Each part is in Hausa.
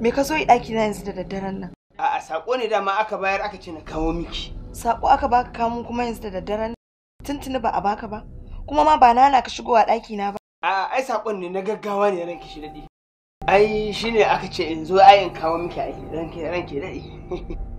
Me ka zo yi ɗaki na yanzu da daddaren nan? A'a sako ne dama aka bayar aka ce na kawo miki. Sako aka baka kamun kuma yanzu da daddaren tuntuni ba a baka ba. Kuma ma ba nana ka shigowa ɗaki na ba. A'a ai sakon ne na gaggawa ne ranki shi daɗi. Ai shine aka ce in zo ai in kawo miki ai ranki ranki daɗi.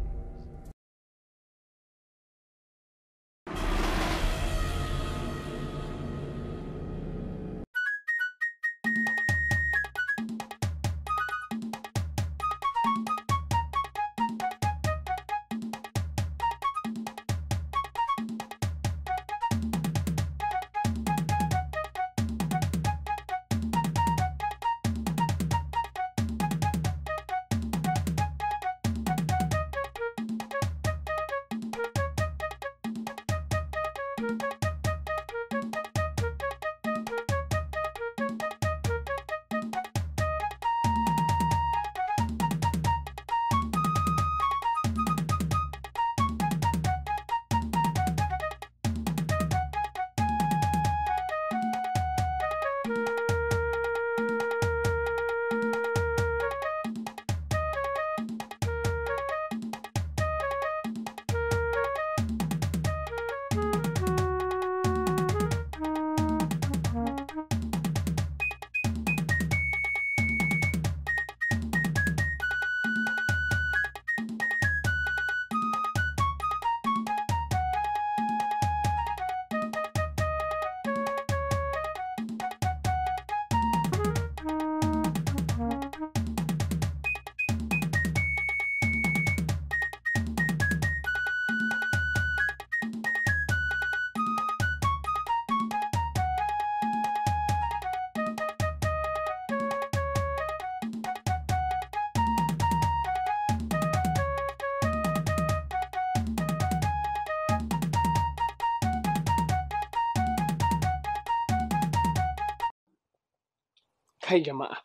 kai jama'a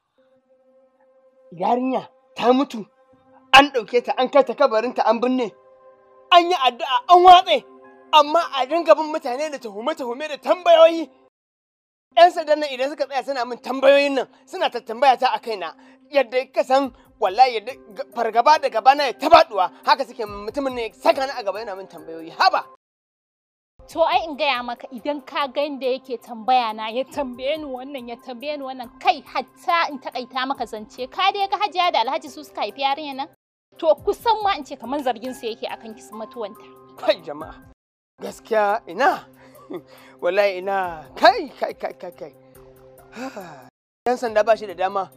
yarinya ta mutu an ɗauke ta an kai ta kabarinta an binne an yi addu'a an watse amma a dinga bin mutane da tuhume-tuhume da tambayoyi 'yan sanda nan idan suka tsaya suna min tambayoyin nan suna ta tambaya ta a kaina yadda ka san wallahi yadda fargaba da gaba na ya tabaduwa haka suke mutumin ne saka na a gaba yana min tambayoyi haba To ai in gaya maka idan ka ga inda yake tambaya na ya tambaye ni wannan ya tambaye ni wannan kai hatta in takaita maka zance ka dai ga Hajiya da Alhaji su suka haifi yarinya nan to kusan ma in ce kamar zargin su yake akan kismatuwanta. Kai jama'a gaskiya ina wallahi ina kai kai kai kai kai dan sanda ba shi da dama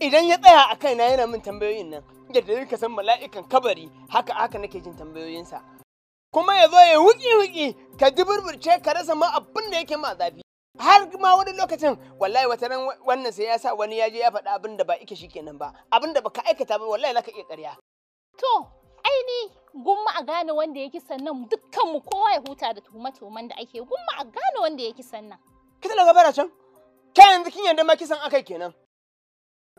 idan ya tsaya a kaina yana min tambayoyin nan yadda ka san mala'ikan kabari haka haka nake jin tambayoyinsa. kuma ya zo ya wuki-wuki ka duburburce ka rasa ma abin da yake ma zafi har ma wani lokacin wallahi wata ran wannan sai ya sa wani ya je ya faɗa abin da ba ike shi kenan ba abin da baka aikata ba wallahi ka iya ƙarya to aini gumma a gane wanda yake sannan dukkan mu kowa ya huta da tuhume-tuhumen da ake gumma a gane wanda yake sannan kita da gabara can kayan yanzu kin ma kisan akai kenan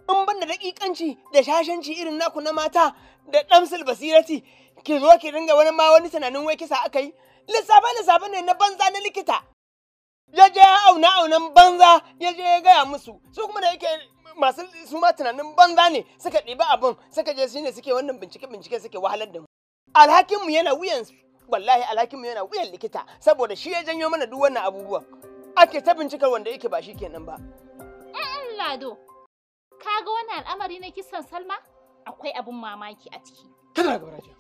in ban da dakikanci da shashanci irin naku na mata da damsul basirati ki zo ki ringa wani ma wani tunanin wai kisa aka yi lissafa lissafa ne na banza na likita ya je ya auna aunan banza ya je ya gaya musu su kuma da yake masu su ma tunanin banza ne suka ɗiba abin suka je shine suke wannan bincike bincike suke wahalar da mu mu yana wuyan wallahi alhakinmu yana wuyan likita saboda shi ya janyo mana duk wannan abubuwan ake ta bincikar wanda yake ba shi kenan ba. Lado, Ka ga wannan al'amari na kisan Salma? Akwai abin mamaki a ciki. Kada ga Raja.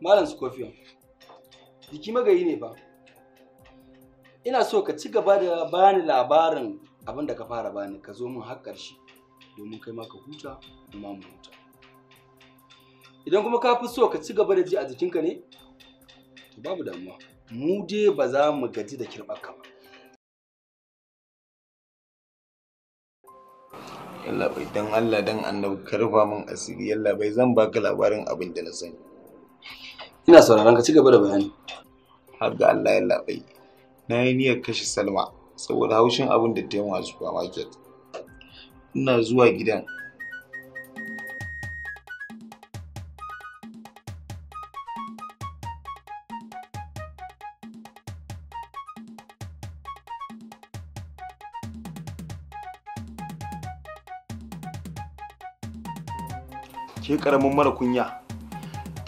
Malam Scorpion, jiki magayi ne ba. Ina so ka ci gaba da bani labarin abin da ka fara bani ka zo min har ƙarshe domin kai ma ka huta kuma mu huta. idan kuma ka fi so ka ci gaba da ji a jikinka ne to babu damuwa mu dai ba za mu gaji da kirɓarka ba yalla bai dan Allah dan annabi ka rufa min asiri yalla bai zan baka labarin abin da na sani ina sauraron ka ci gaba da bayani har ga Allah yalla bai na yi niyyar kashe Salma saboda haushin abin da ta yi masu supermarket ina zuwa gidan ke karamin mara kunya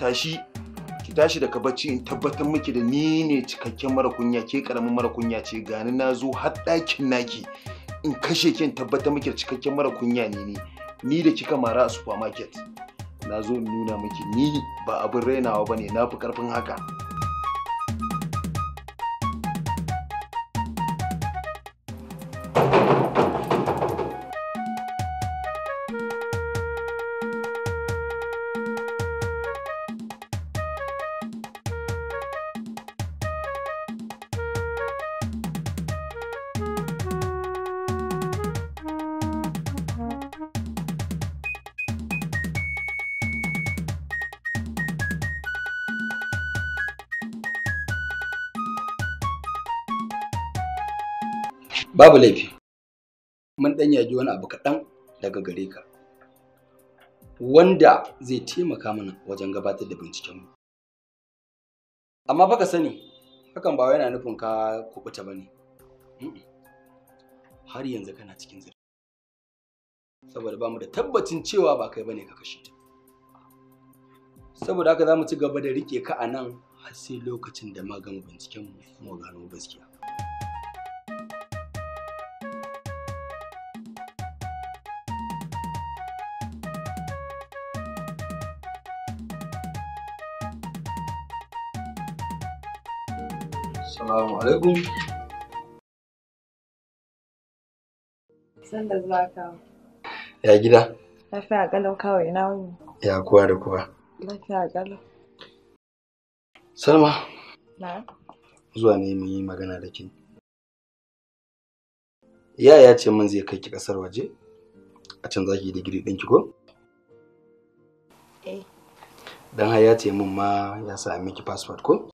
tashi ki tashi daga bacci in tabbatar miki da ni ne cikakken mara kunya ke karamin mara kunya ce gani na zo har ɗakin naki in kashe ki in tabbatar miki da cikakken mara kunya ne ni ni da kika mara a supermarket na zo in nuna miki ni ba abin rainawa bane na fi karfin haka babu laifi mun ɗan yaji wani abu kaɗan daga gare ka wanda zai taimaka mana wajen gabatar da binciken bincikenmu amma baka sani hakan ba yana nufin ka kubuta ba ne har yanzu kana cikin zira saboda bamu da tabbacin cewa ba kai bane ka kashe ta saboda haka za mu ci gaba da rike ka a nan har sai lokacin da ma binciken mu mu gano gaskiya Assalamu alaikum. Sanda zuwa Ya gida? Lafiya kalau kawai na wuni. Ya kuwa da kuwa. Lafiya kalau. Salma. Na. Zuwa ne mun yi magana da ke. ya ya ce min zai kai ki kasar waje? A can za ki yi digiri ɗinki ko? Eh. Dan har ya ce min ma ya sami miki passport ko?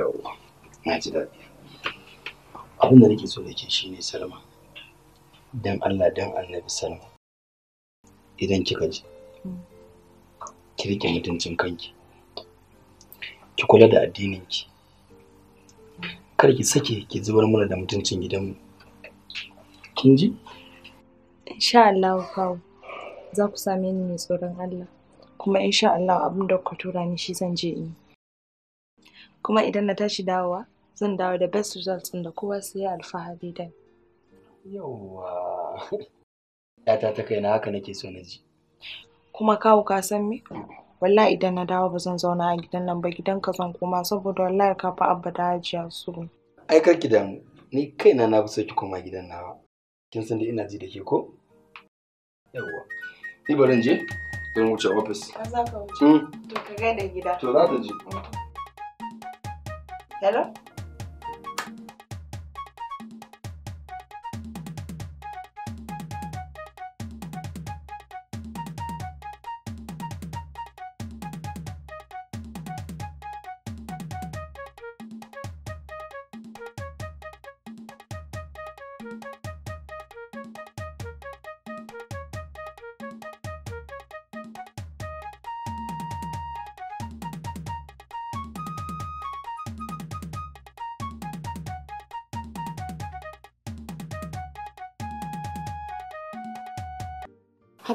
yawwa na ji daɗi abin da nake so da ke ne salma dan allah dan annabi salma idan kika ji ki rike mutuncin kanki ki kula da addininki kar ki sake ki zubar mana da mutuncin gidanmu kin ji insha Allah kawo za ku same ni mai tsoron Allah kuma insha Allah abin da kuka tura ni shi zan je in kuma idan na tashi dawowa zan dawo da best results ɗin da kowa sai alfahari da yawwa yata ta kai na haka nake so na ji kuma kawo ka san me wallahi idan na dawo ba zan zauna a gidan nan ba gidan ka zan koma saboda wallahi ka fa abba da hajiya su ai kar gidan ni kaina na fi so ki koma gidan nawa kin san da ina ji da ke ko yawwa ni bari je don wuce ofis. Ka za ka wuce? Hmm. To ka gaida gida. To za ta je. Hello.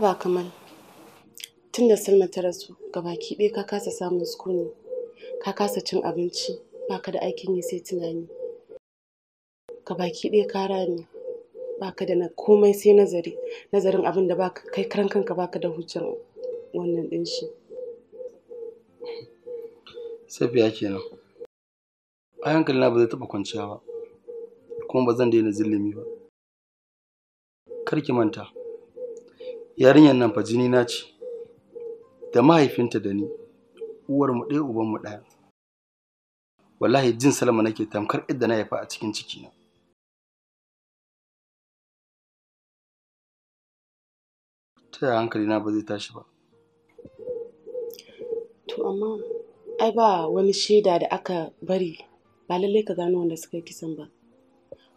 ba kamar tun da salma ta rasu gabaki ɗaya ka kasa samun sukuni ka kasa cin abinci baka da aikin yi sai tunani gabaki ɗaya ka ba baka da na komai sai nazari nazarin abin da baka kai karan kanka baka da hujjar wannan ɗin shi safiya kenan a hankali na ba zai taɓa kwanciya ba kuma ba zan daina zillimi ba kar ki manta yarinyar nan fa jini na ce da mahaifinta da ni uwar mu ɗaya uban mu ɗaya wallahi jin salama nake tamkar idda na yafa a cikin ciki na ta yaya hankali na ba zai tashi ba to amma ai ba wani shaida da aka bari ba lallai ka gano wanda suka yi kisan ba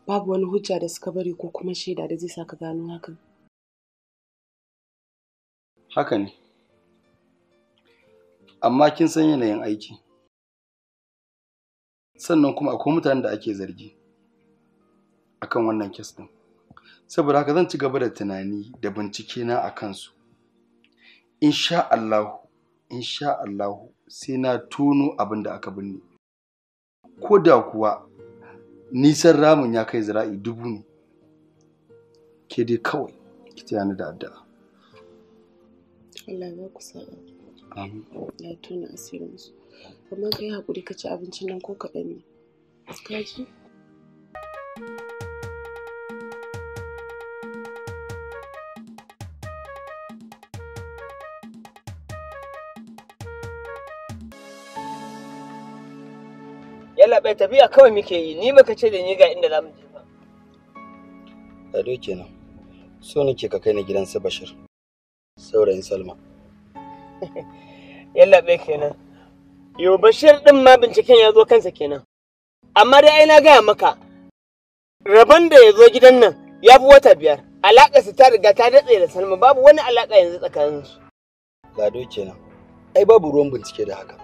babu wani hujja da suka bari ko kuma shaida da zai sa ka gano hakan Haka ne. Amma kin san yanayin aiki. Sannan kuma akwai mutanen da ake zargi akan wannan kes ɗin. Saboda haka zan ci gaba da tunani da bincike na a kansu. Insha Allahu, insha Allah sai na tono abin da aka binne. Ko da kuwa nisan ramin ya kai zira'i dubu ne. Ke dai kawai ki da addu'a. Allah ba ku sa'a ya tona asirinsu amma ka yi haƙuri ka ci abincin nan ko kaɗan ne ka ji yalla bai tafiya kawai muke yi ni baka ce da ni ga inda za mu je ba. Ado kenan. So nake ka kai ni gidan su Bashir. saurayin salma Yallaɓe kenan yau bashir din ma binciken ya zo kansa kenan amma dai ai na gaya maka rabon da ya zo gidan nan ya fi wata biyar alaƙa su ta riga ta datse da salma babu wani alaka yanzu tsakaninsu. lado kenan ai babu ruwan bincike da haka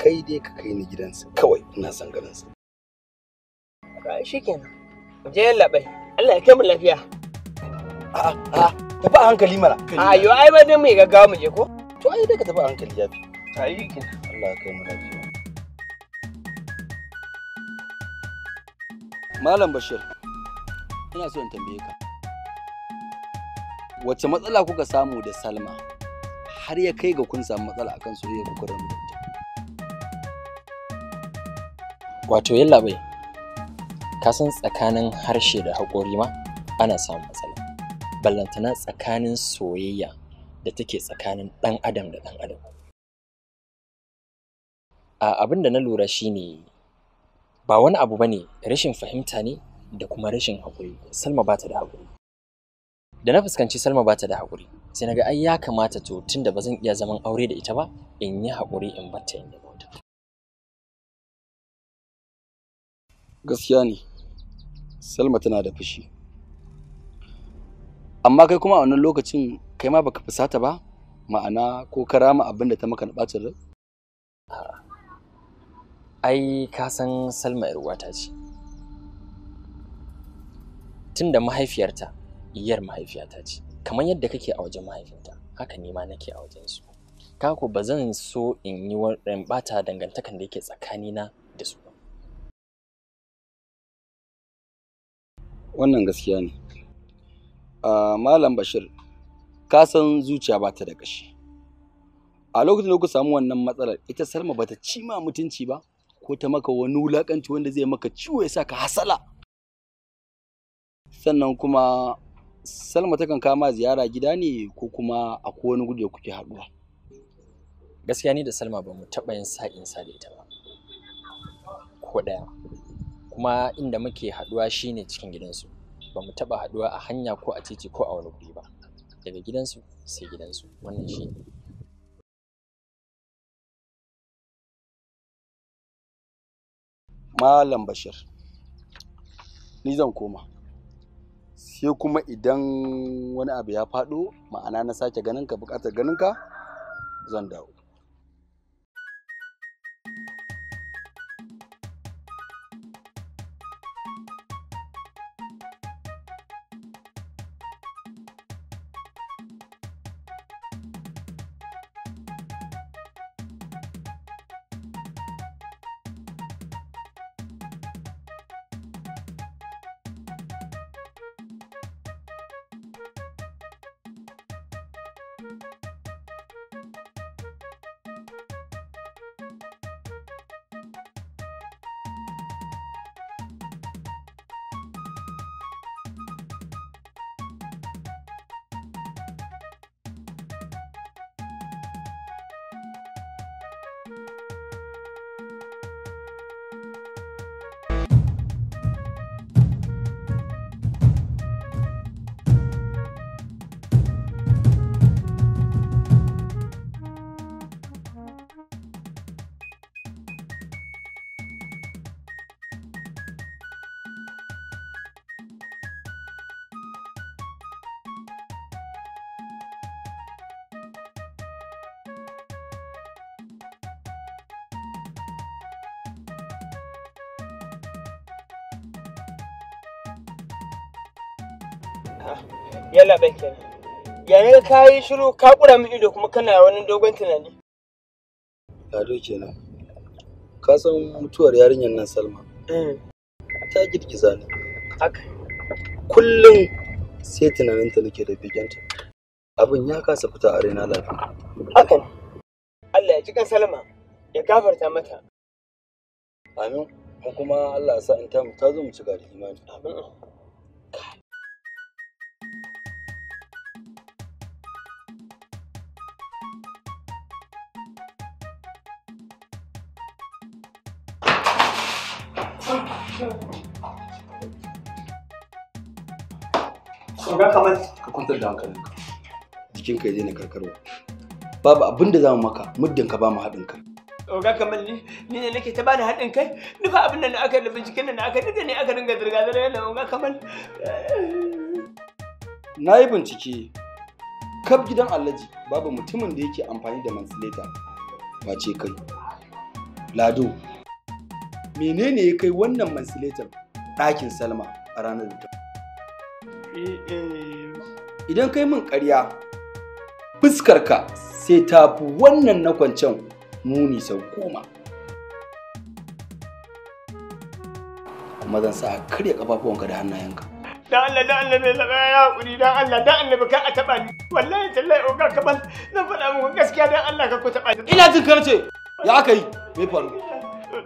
kai dai ka kai ni gidansa kawai ina son ganinsa. sa shi kenan je yalla Allah ya kai mu lafiya a'a tafi a hankali mana a yo ai ba dai mai gaggawa mu je ko to ai dai ka tafi a hankali fi ai kin Allah kai mu lafiya Malam Bashir ina so in tambaye ka wace matsala kuka samu da Salma har ya kai ga kun samu matsala akan soyayya ku kuren Wato yalla bai ka san tsakanin harshe da haƙori ma ana samun matsala ballantana tsakanin soyayya da take tsakanin ɗan adam da ɗan adam a abin da na lura shine ba wani abu ba ne rashin fahimta ne da kuma rashin haƙuri salma ba ta da haƙuri da na fuskanci salma ba ta da haƙuri sai na ga ai ya kamata to da ba zan iya zaman aure da ita ba in yi haƙuri in bata in yi bauta gaskiya ne salma tana da fushi amma kai kuma a wannan lokacin kai ma baka fusata ba ma'ana ko ka rama abinda ta maka na rai ai ka san salma yarwata ce tun da mahaifiyarta iyar mahaifiyata ce kamar yadda kake a wajen mahaifinta haka ni ma nake a wajen su kako ba zan so in yi wannan bata dangantakan da yake tsakanina da su ba. wannan gaskiya ne Ah, Malam Bashir, ka san zuciya ba ta da ƙashi. A lokacin da ku samu wannan matsalar, ita Salma ba ta ci ma mutunci ba, ko ta maka wani wulaƙanci wanda zai maka ciwo ya sa ka hasala. Sannan kuma Salma takan kama ziyara gida ne ko kuma a wani gudu kuke haɗuwa. Gaskiya ni da Salma ba mu taɓa yin sa'in sa da ita ba. Ko ɗaya. Kuma inda muke haɗuwa shine cikin gidansu. ba mu taɓa haɗuwa a hanya ko a titi ko a wani guri ba daga gidansu sai gidansu wannan shi Malam Bashir ni zan koma sai kuma idan wani abu ya faɗo ma'ana na sake ganinka buƙatar ganinka zan dawo yalla bai kenan yayin ka yi shiru ka kura min ido kuma kana wani dogon tunani Lado kenan ka san mutuwar yarinyar nan Salma eh. ta girgiza ni haka kullum sai tunaninta nake da biganta abin ya kasa fita a raina lafiya hakan Allah ya ji kan Salma ya gafarta mata amin ko kuma Allah ya sa in ta mu ta zo mu ci gari imani amin kwantar da hankalinka jikinka ya daina karkarwa babu abin da zamu maka muddin ka ba mu haɗin kai Oga kamar ni, ni ne nake ta bani haɗin kai, ni fa abin da na aka da binciken da na aka da ne aka dinga zirga zirga yana oga kamar. Na yi bincike, kaf gidan Alhaji babu mutumin da yake amfani da ba ce kai. Lado, menene ya kai wannan mansiletar ɗakin Salma a ranar da ta? Eh, eh, idan kai min ƙarya fuskarka sai ta fi wannan na kwancan muni sau goma kuma zan sa a karya ƙafafuwanka da hannayenka Da Allah da Allah mai zama ya haƙuri, da Allah da Allah ka a taɓa ni wallahi tallahi oga ka ban zan faɗa muku gaskiya da Allah ka ko taɓa ni ina jin karce ya aka yi mai faru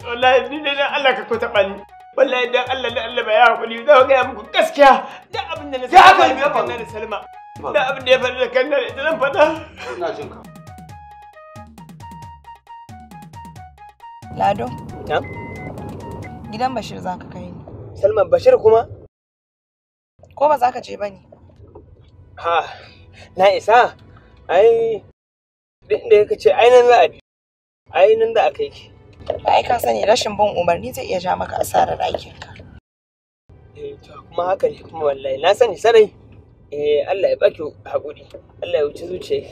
wallahi ni ne da Allah ka ko taɓa ni wallahi dan Allah dan Allah ba ya hakuri da ga muku gaskiya da abin da na sai abin da ya faru da Salma da abin da ya faru da kanna da zan faɗa ina jin ka Lado gidan Bashir za ka kai ni Salma Bashir kuma ko ba za ka je ba ne ha na isa ai duk da ya ce ainihin za a ainihin da a kai ki ai ka sani rashin bin umarni zai iya ja maka asarar aikinka eh to kuma haka ne kuma wallahi na sani sarai eh Allah ya baki hakuri Allah ya wuce zuciya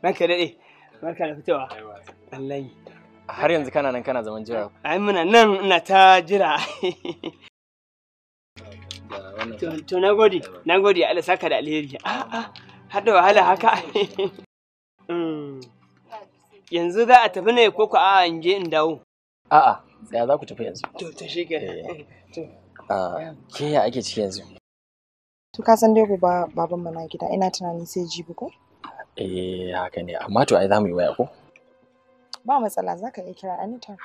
ranka daɗe barka da fitowa Allah yi har yanzu kana nan kana zaman jira ai muna nan ina ta jira to na gode na gode Allah saka da alheri a'a ah, ah, har da wahala haka mm. yanzu za a tafi ne ko ku a in je in dawo a'a tsaya za ku tafi yanzu to ta shige eh. ah, ke ya ake ciki yanzu to ka san dai ba baban mana gida ina tunanin sai jibi ko eh haka ne amma to ai za mu yi waya ko ba matsala za ka iya kira anytime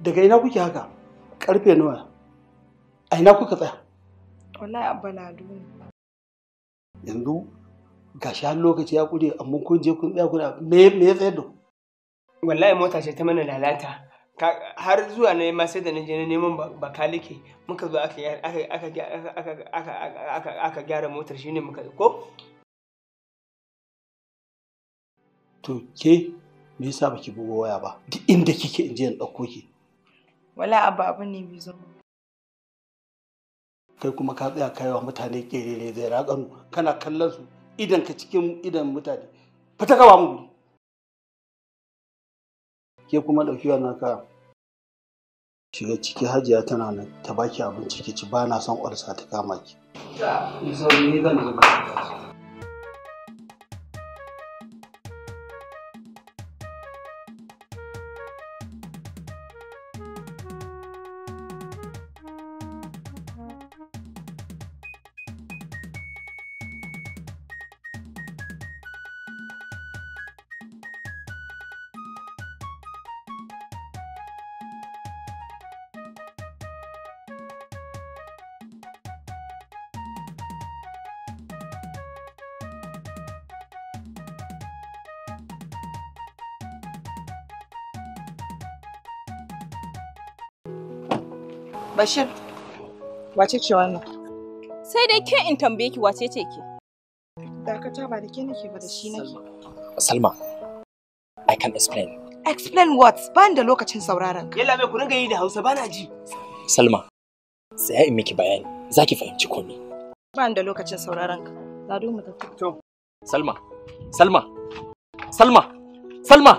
daga ina kuke haka karfe nawa a ina kuka tsaya wallahi abba lado yanzu ga shi har lokaci ya kure amma kun je kun tsaya kuna me me ya tsayar da wallahi mota ce ta mana lalata har zuwa ne ma sai da na je na neman bakalike muka zo aka aka aka gyara motar shine muka ko to ke me yasa baki bugo waya ba duk inda kike in je in dauko ki wala abu abu ne bai zo kai kuma ka tsaya kai wa mutane kerere zai raƙaru kana kallon su idan ka cikin idan mutane fita ka ba mu ke kuma ɗauki wannan ka shiga ciki hajiya tana nan ta baki abinci ki ci ba na son ƙwarsa ta kama ki. Ni zan Bashir, wace ce wannan? Sai dai ke in tambaye ki wace ce ke? Dakata ba da ke nake ba da shi nake. Salma, I can explain. Explain what? Ba da lokacin sauraron ka. Yalla mai ku ringa yi da Hausa bana ji. Salma, tsaya in miki bayani, za ki fahimci komai. Ba da lokacin sauraron ka. Lado mu tafi. To. Salma, Salma, Salma, Salma.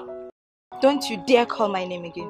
Don't you dare call my name again.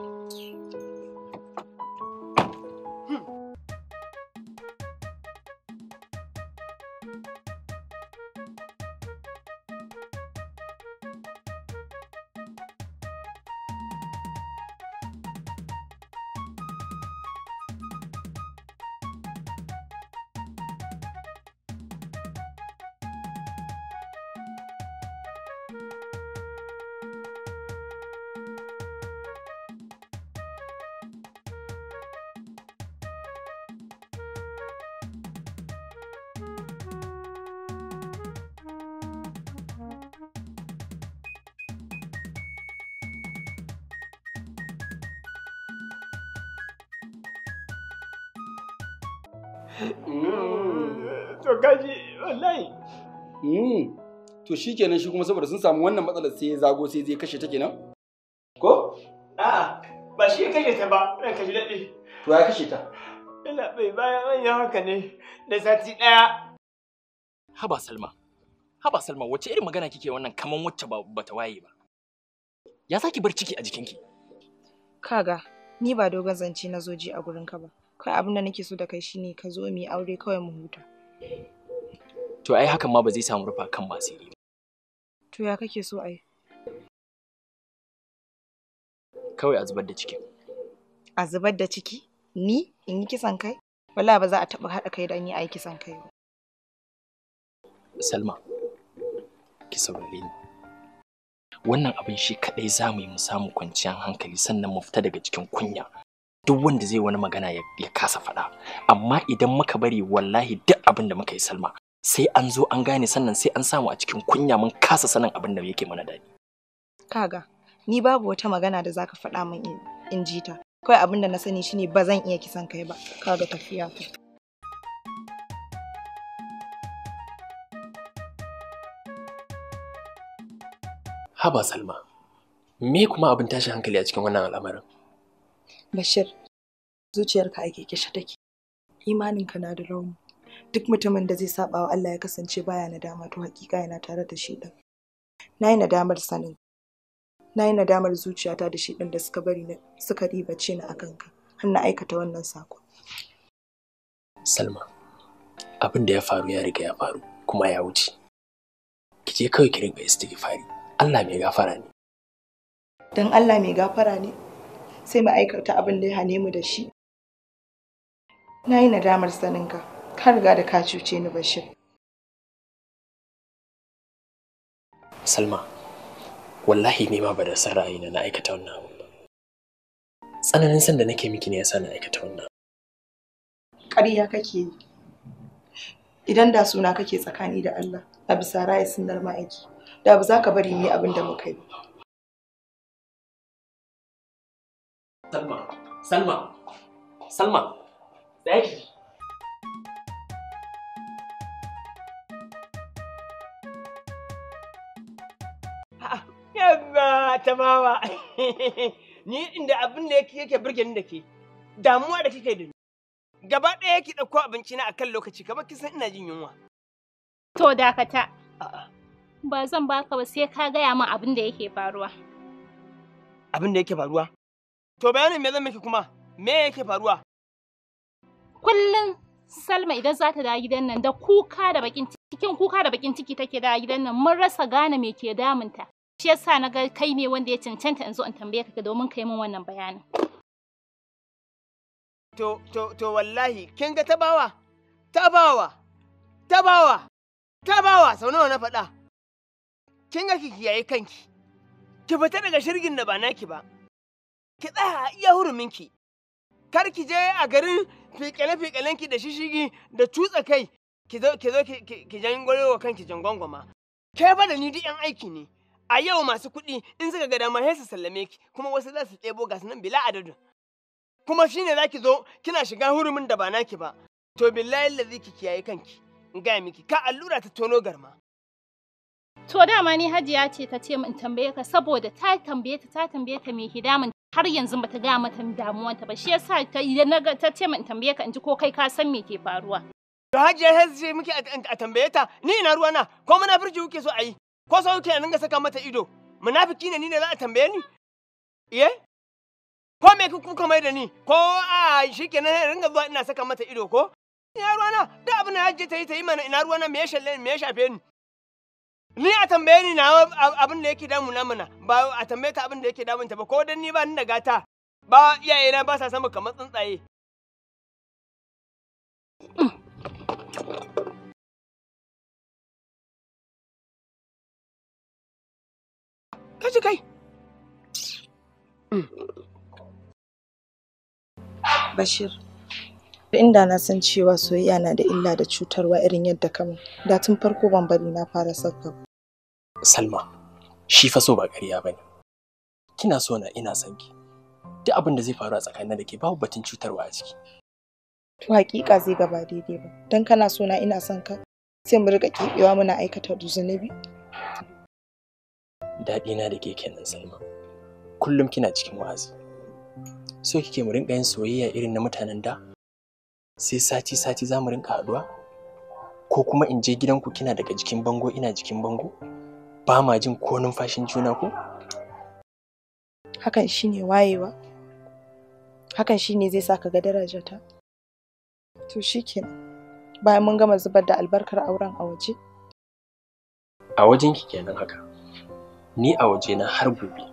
Mm. to kaji wallahi mm. to shi kenan shi kuma saboda sun samu wannan matsalar sai ya zago sai zai kashe ta kenan ko a'a ba shi ya kashe ta ba ran kashe daɗe to ya kashe ta ina bai bayan manyan haka ne da sati ɗaya haba salma haba salma wace irin magana kike wannan kaman wacce ba ta waye ba ya saki bar ciki a jikinki kaga ni ba dogon zance na zoji a gurinka ba kai abin da nake so da kai shine ka zo mu yi aure kawai mu huta to ai hakan ma ba zai samu rufa kan masu yi to ya kake so ai kawai a zubar da ciki a zubar da ciki ni in yi kisan kai wala ba za a taba haɗa kai da ni a yi kisan kai ba salma ki saurare ni wannan abin shi kadai za mu yi mu samu kwanciyar hankali sannan mu fita daga cikin kunya duk wanda zai wani magana ya kasa faɗa amma idan muka bari wallahi duk abin da muka yi salma sai an zo an gane sannan sai an samu a cikin kunya mun kasa sanin abin da yake mana daɗi kaga ni babu wata magana da zaka faɗa min in ji ta kawai abin da na sani shine ba zan iya kisan kai ba kaga tafiya ta haba salma me kuma abin tashi hankali a cikin wannan al'amarin Bashir, zuciyarka ake kekeshe take. Imaninka na da rauni. Duk mutumin da zai saba wa Allah ya kasance baya nadama to hakika yana tare da shi ɗin. Na yi nadamar sanin. Na nadamar zuciyata da shi ɗin da suka bari suka ribace ni a kanka. Har na aikata wannan sako. Salma, abin da ya faru ya riga ya faru kuma ya wuce. Ki je kawai ki rinka istighfari. Allah mai gafara ne. Dan Allah mai gafara ne, sai mu aikata abin da ya hane mu da shi na yi nadamar saninka ka riga da ka cuce ni bashir salma wallahi ne ma ba da san ra'ayina na aikata wannan abin ba tsananin san da nake miki ne yasa na aikata wannan ƙarya kake yi idan da suna kake tsakani da Allah a bisa ra'ayi sunnar ma'aiki da ba za ka bari ni abin da muka yi Salma, Salma, Salma, tsaki. Ah, yabba tamawa, ni inda abin da yake birge ni da ke, damuwa da kike da ni. Gaba ɗaya yake ɗauko abinci na akan lokaci, kamar kisan ina jin yunwa. To dakata. Ba zan baka ba sai ka gaya min abin da yake faruwa. Abin da yake faruwa? To bayanin me zan miki kuma? Me yake faruwa? Kullum Salma idan za ta dawo gidan nan da kuka da bakin cikin kuka da bakin ciki take dawo gidan nan mun rasa gane me ke damunta. Shi yasa na ga kai ne wanda ya cancanta in zo in tambaye ka domin kai min wannan bayanin. To to to wallahi kin ga tabawa? Tabawa. Tabawa. Tabawa sau nawa na faɗa. Kin ga ki kiyaye kanki. Ki fita daga shirgin da ba naki ba. ki tsaya iya huruminki kar ki je a garin fikale-fikalen ki da shishigi da tutsa kai ki zo ki zo ki jan wa kanki jan gongoma ke ba da ni duk yan aiki ne a yau masu kuɗi in suka ga dama sai su sallame ki kuma wasu za su ɗebo gasu nan bila adadin kuma shine za ki zo kina shiga hurumin da ba naki ba to billahi lazi ki kiyaye kanki in gaya miki ka allura ta tono garma To dama ni hajiya ce ta ce min tambaye ka saboda ta tambaye ta ta tambaye ta me hidamin har yanzu bata gaya mata damuwanta ba shi yasa ta idan naga ta ce min tambaye ka in ji ko kai ka san me ke faruwa to hajiya sai ce miki a tambaye ta ni ina ruwa na ko munafurci kuke so a yi ko so kuke nan ga saka mata ido munafiki ne ni ne za a tambaye ni iye ko me kuka kuma da ni ko a shikenan sai ringa zuwa ina saka mata ido ko ina ruwa na da abin da hajji ta yi ta yi mana ina ruwa na me ya shalle me ya shafe ni Ni a tambaye ni na abin da yake damu na mana ba a tambaye ka abin da yake damunta ba ko dan ni ba ni da gata ba iyaye na ba sa sama kamar tsuntsaye. Kaji kai. Bashir. inda na san cewa soyayya na da illa da cutarwa irin yadda ka da tun farko ban bari na fara saka ba. Salma, shi fa so ba ƙarya ba ne. Kina so na ina son ki. Duk abin da zai faru a tsakanin da ke babu batun cutarwa a ciki. To hakika zai gaba daidai ba. Dan kana so na ina son ka sai mu riga keɓewa muna aikata zunubi. Daɗi na da ke kenan Salma. Kullum kina cikin wa'azi. So kike mu rinka yin soyayya irin na mutanen da? sai sati sati za mu rinka haduwa, ko kuma in je gidanku kina daga jikin bango ina jikin bango ba ma jin ko numfashin juna ku hakan shine wayewa hakan shine zai sa ka ga darajata to shike bayan mun gama zubar da albarkar auren a waje a wajen ki kenan haka ni a waje na har gobe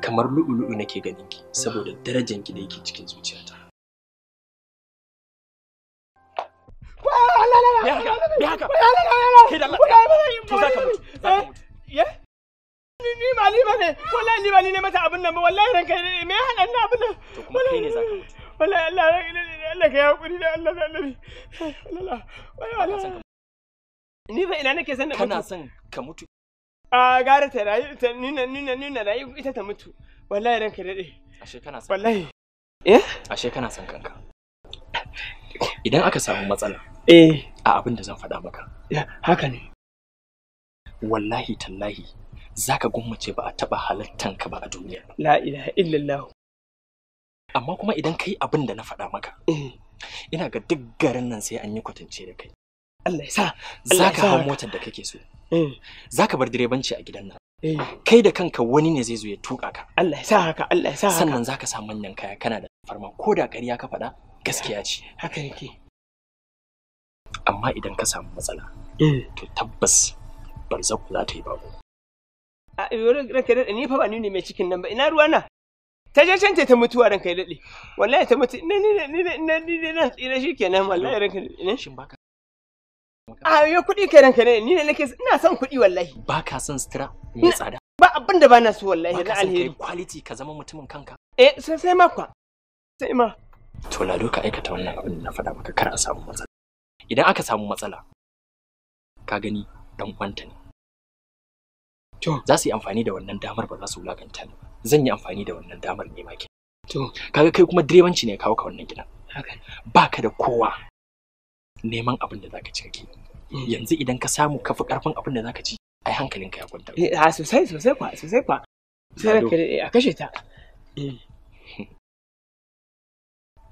kamar lu'ulu'u nake ganin ki saboda darajar ki da yake cikin zuciyata ni ba ka ina nake mutu kana son ka mutu a gara ta rayu ta nuna nuna nuna rayu ita ta mutu wallahi ranka ashe kana son wallahi eh ashe kana son kanka idan aka samu matsala eh a abin da zan faɗa maka haka ne wallahi tallahi zaka gummace ba a taɓa halittan ka ba a duniya la ilaha illallah amma kuma idan kai abin da na faɗa maka eh. ina ga duk garin nan sai an yi kwatance da kai Allah ya sa zaka hau motar da kake so eh. zaka bar direbanci a gidan nan eh. kai da kanka wani ne zai zo ya tuka ka Allah ya sa haka Allah ya sa haka sannan zaka sa manyan kaya kana da farma ko da ƙarya ka faɗa gaskiya ce haka yake amma idan ka samu matsala eh. to tabbas barzakku za ta yi babu a yorin eh, ranka daɗe ni fa ba ni ne mai cikin nan ba ina ruwa na ta je can ta mutuwa ranka ya daɗe wallahi ta mutu ni ni ni ni nan tsira shi kenan wallahi ranka ne shin baka a yo kuɗi kai ranka ne ni ne nake ina son kuɗi wallahi ba ka son sutura me tsada ba abin da ba na so wallahi na alheri ba ka son kai quality ka zama mutumin kanka eh sai ma kwa sai ma to lado ka aikata wannan abin da na faɗa maka kar a samu matsala idan aka samu matsala ka gani dan kwanta ne to za su yi amfani da wannan damar ba za su wulakanta ni zan yi amfani da wannan damar ne ma to kaga kai kuma direbanci ne kawo ka wannan gidan baka da kowa neman abin da zaka ci kake mm. yanzu idan ka samu ka fi karfin abin da zaka ci ai hankalinka ya kwanta eh sosai sosai kwa sosai kwa sai ka a kashe ta eh.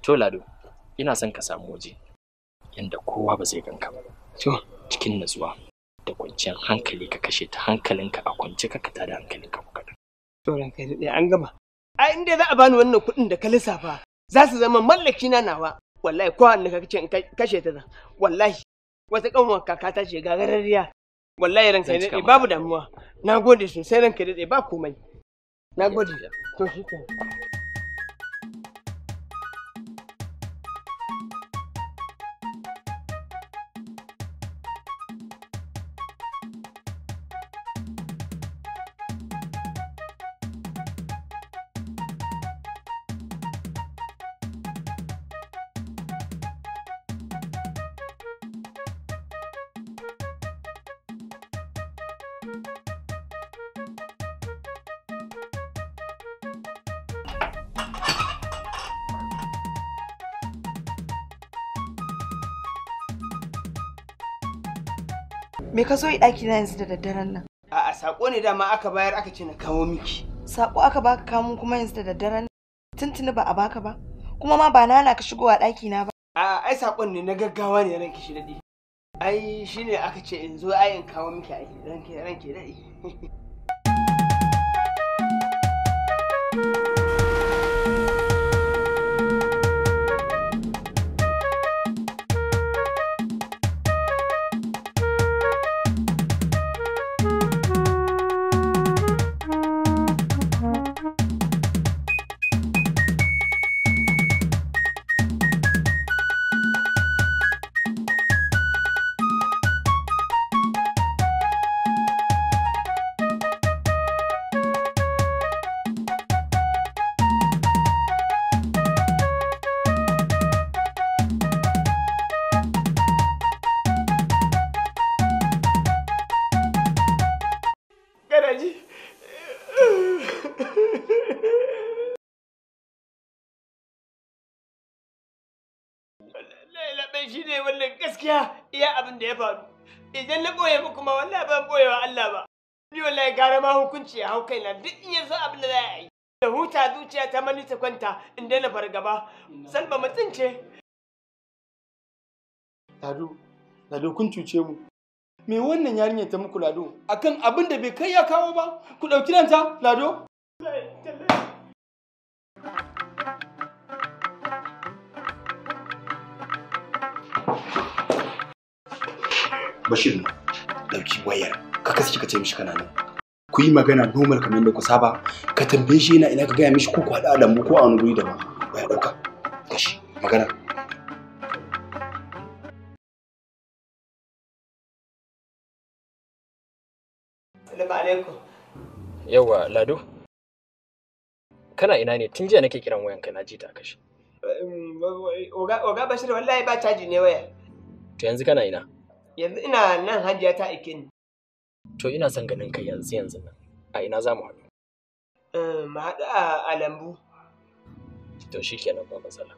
To Lado, ina son ka samu waje inda kowa ba zai ganka ba. To cikin nutsuwa da kwanciyar hankali ka kashe ta hankalinka a kwance ka ka tada hankalinka ku kaɗan. To kai daɗe an gama. Ai in za a bani wannan kuɗin da ka lissafa za su zama mallaki na nawa. Wallahi ko hannu ka ce in kashe ta zan. Wallahi wata ƙanwar ta ce gagararriya. Wallahi kai daɗe babu damuwa. Na gode sosai kai daɗe ba komai. Na gode. To shi Me ka zo yi ɗaki na yanzu da daddaren nan? A'a sako ne dama aka bayar aka ce na kawo miki. Sako aka baka kamun kuma yanzu da daddaren tuntuni ba a baka ba. Kuma ma ba nana ka shigowa ɗaki na ba. A'a ai sakon ne na gaggawa ne ranki shi daɗi. Ai shine aka ce in zo ai in kawo miki ai ranki ranki daɗi. zuciya ya hau kaina duk iya yanzu abin da za a yi da huta zuciya ta mani ta kwanta in daina fargaba salba mutum ce lado lado kun cuce mu me wannan yarinyar ta muku lado akan abin da bai kai ya kawo ba ku ɗauki nan ta lado Bashir, ɗauki wayar, ka shi ka ce mishi kana nan. ku yi magana domin kamar da ku saba ka tambaye shi yana ina ka gaya mishi ko ku a lambu ko a wani guri daban ba ya ɗauka kashi magana Assalamu alaikum. Yawwa Lado. Kana ina ne tun jiya nake kiran wayanka na ji ta kashi. Oga Bashir wallahi ba caji ne waya. To yanzu kana ina? Yanzu ina nan hajiya ta aikin. To ina son ganin kai yanzu yanzu nan. A ina za mu haɗu? Eh, mu haɗu a lambu. To shi kenan ba matsala.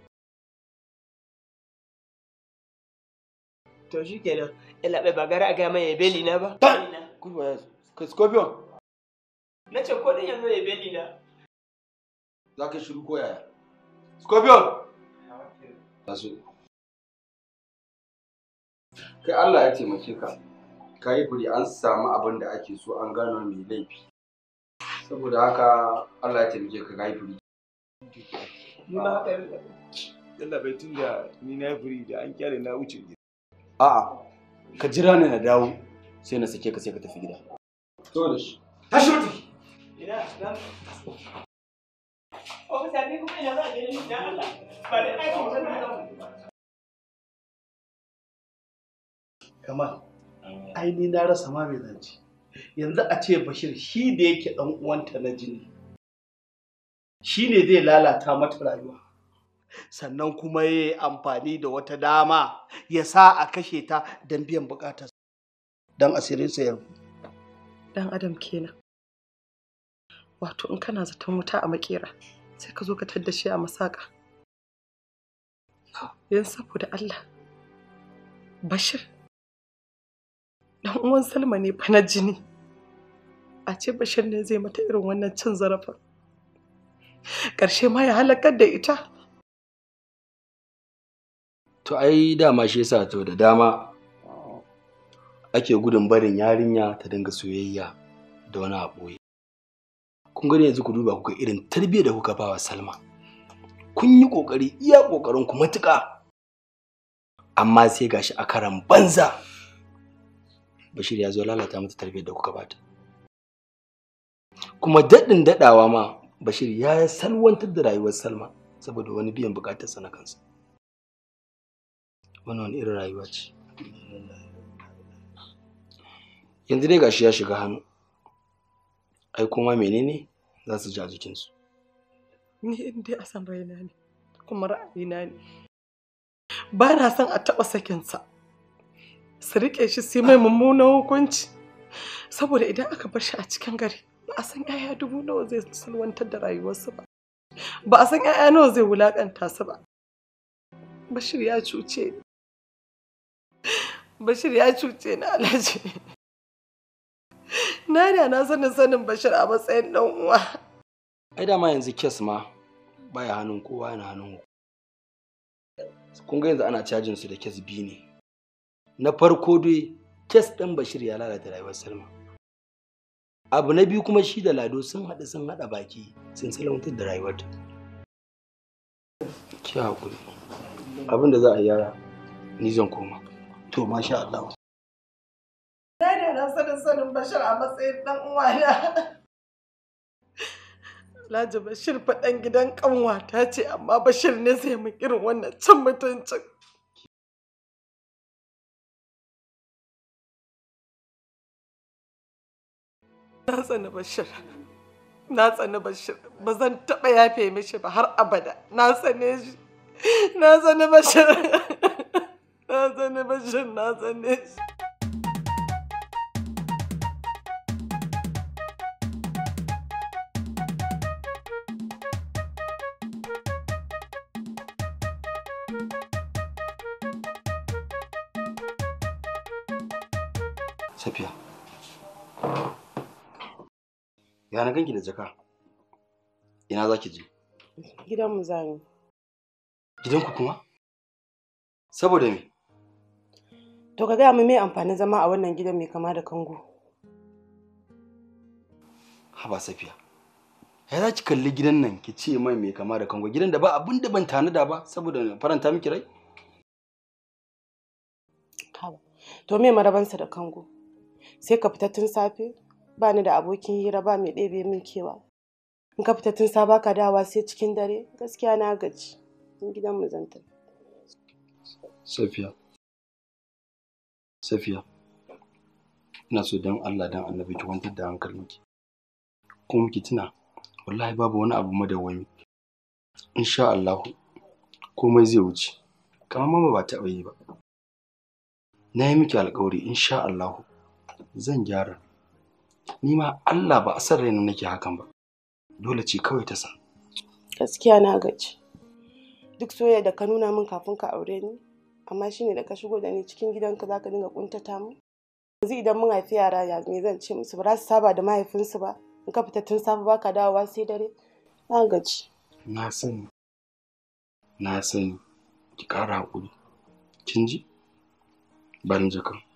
To shi kenan, Ina bai ba gara a gaya mai beli na ba. Ta! Kurwa ya Ka Scorpion. Na ce ko ɗin yanzu ya beli na. Za ka shiru ko yaya? Scorpion! su. Kai Allah ya taimake ka. kayi an samu abin da ake so an gano mai laifi saboda haka Allah ya taimake ka kayi furi da yalla bai tunda ni na furi da an kyale na wuce gida a'a ka jira ni na dawo sai na sake ka sai ka tafi gida to da shi tashi mutu ina dan ofisa ne kuma ina za a je ni Allah ba aikin kamar aini na rasa ma mai zance yanzu a ce bashir shi da yake dan uwanta na jini shi ne zai lalata mata rayuwa sannan kuma ya yi amfani da wata dama ya sa a kashe ta don biyan bukatar don sa ya dan adam kenan wato in kana zaton wuta a makera sai ka zo ka tadda shi a masaka yan saboda Allah Bashir dan uwan Salma ne fa na jini. A ce Bashir ne zai mata irin wannan cin zarafin. Ƙarshe ma ya halakar da ita. To ai dama shi yasa to da dama ake gudun barin yarinya ta dinga soyayya da wani aboye Kun gani yanzu ku duba kuka irin tarbiyya da kuka bawa Salma. Kun yi ƙoƙari iya ƙoƙarin ku matuƙa. Amma sai gashi a karan banza. bashir ya zo lalata mata tarbiyyar da kuka bata kuma daɗin daɗawa ma bashir ya salwantar da rayuwar salma saboda wani biyan sa na kansa wannan wani irin rayuwa ce yanzu dai gashi ya shiga hannu ai kuma menene za su ja jikinsu ni in dai a san raina ne kuma ra'ayina ne ba na son a taɓa sakinsa su riƙe shi su mai mummunan hukunci saboda idan aka bar shi a cikin gari ba a san 'ya'ya dubu nawa zai salwantar da rayuwarsu ba ba a san 'ya'ya nawa zai wulaƙanta su ba bashir ya cuce bashir ya cuce na alhaji na da na sanin sanin bashir a matsayin dan uwa ai ma yanzu kes ma baya hannun kowa yana hannun kun ga yanzu ana cajin su da kes biyu ne na farko dai kes ɗin bashir ya lalata rayuwar salma abu na biyu kuma shi da lado sun haɗu sun haɗa baki sun salwantar da rayuwarta ki haƙuri abin da za a yara ni zan koma to masha Allah na da na sanin sanin bashir a matsayin ɗan uwana Alhaji Bashir faɗan gidan ƙanwata ce amma Bashir ne zai mu irin wannan can mutuncin Na tsani Bashir. Na tsani Bashir. Ba zan taɓa yafe mishi ba har abada. Na tsani shi. Na tsani Bashir. Na tsani Bashir. Na tsane shi. Ya na ganki da jaka. Ina za ki je? Gidanmu za ni. Gidanku kuma? Saboda me? To ka gaya mu me amfanin zama a wannan gidan mai kama da kango. Haba Safiya. Ya za ki kalli gidan nan ki ce mai mai kama da kango gidan da ba abin da ban tanada ba saboda faranta miki rai? To me marabansa da kango? Sai ka fita tun safe ba ni da abokin hira ba mai ɗebe min kewa in ka fita tun saba ka dawa sai cikin dare gaskiya na gaji in gidan mu zanta safiya safiya ina so don Allah don annabi ki kwantar da hankalinki kuma ki tuna wallahi babu wani abu madawwami insha Allah komai zai wuce kamar mama ba taɓa yi ba na yi miki alƙawari insha Allah zan gyara ni ma Allah ba a san raina nake hakan ba dole ce kawai ta san gaskiya na gaci. duk soyayya da ka nuna min kafin ka aure ni amma shine da ka shigo da ni cikin gidanka zaka dinga kuntata mu yanzu idan mun haifi yara ya me zan ce musu ba za su saba da mahaifinsu ba in ka fita tun safe baka dawowa sai dare na gaci. na sani na sani ki kara hakuri kin ji ban jikan